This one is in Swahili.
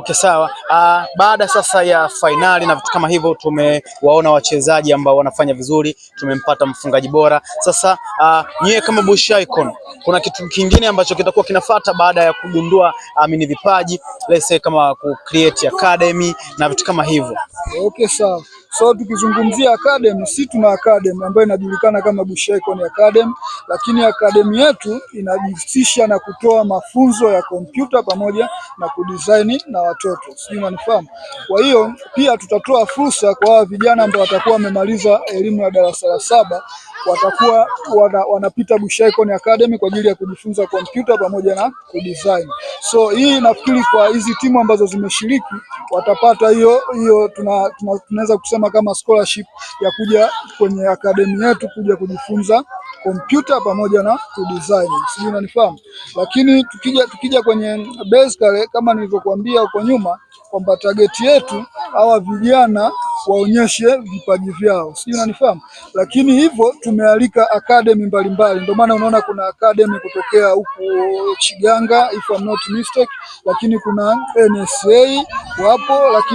Okay, sawa. Uh, baada sasa ya fainali na vitu kama hivyo, tumewaona wachezaji ambao wanafanya vizuri, tumempata mfungaji bora. Sasa uh, ah, nyewe kama Bush Icon, kuna kitu kingine ambacho kitakuwa kinafata baada ya kugundua amini ah, vipaji lese kama ku create academy na vitu kama hivyo? Okay, sawa. So tukizungumzia academy, si tuna academy ambayo inajulikana kama Bushy Icon Academy, lakini academy yetu inajihusisha na kutoa mafunzo ya kompyuta pamoja na kudesign na watoto, sijui unanifahamu. Kwa hiyo pia tutatoa fursa kwa vijana ambao watakuwa wamemaliza elimu ya darasa la saba watakuwa wana, wanapita Bushai Icon Academy kwa ajili ya kujifunza kompyuta pamoja na kudesign. So hii nafikiri kwa hizi timu ambazo zimeshiriki watapata hiyo hiyo, tunaweza tuna, tuna kusema kama scholarship ya kuja kwenye akademi yetu kuja kujifunza kompyuta pamoja na kudesign, sijui unanifahamu. Lakini tukija tukija kwenye base kale, kama nilivyokuambia huko nyuma kwamba target yetu hawa vijana waonyeshe vipaji vyao, sijui unanifahamu. Lakini hivyo tumealika akademi mbalimbali, ndio maana unaona kuna akademi kutokea huku Chiganga if I'm not mistake, lakini kuna NSA wapo lakini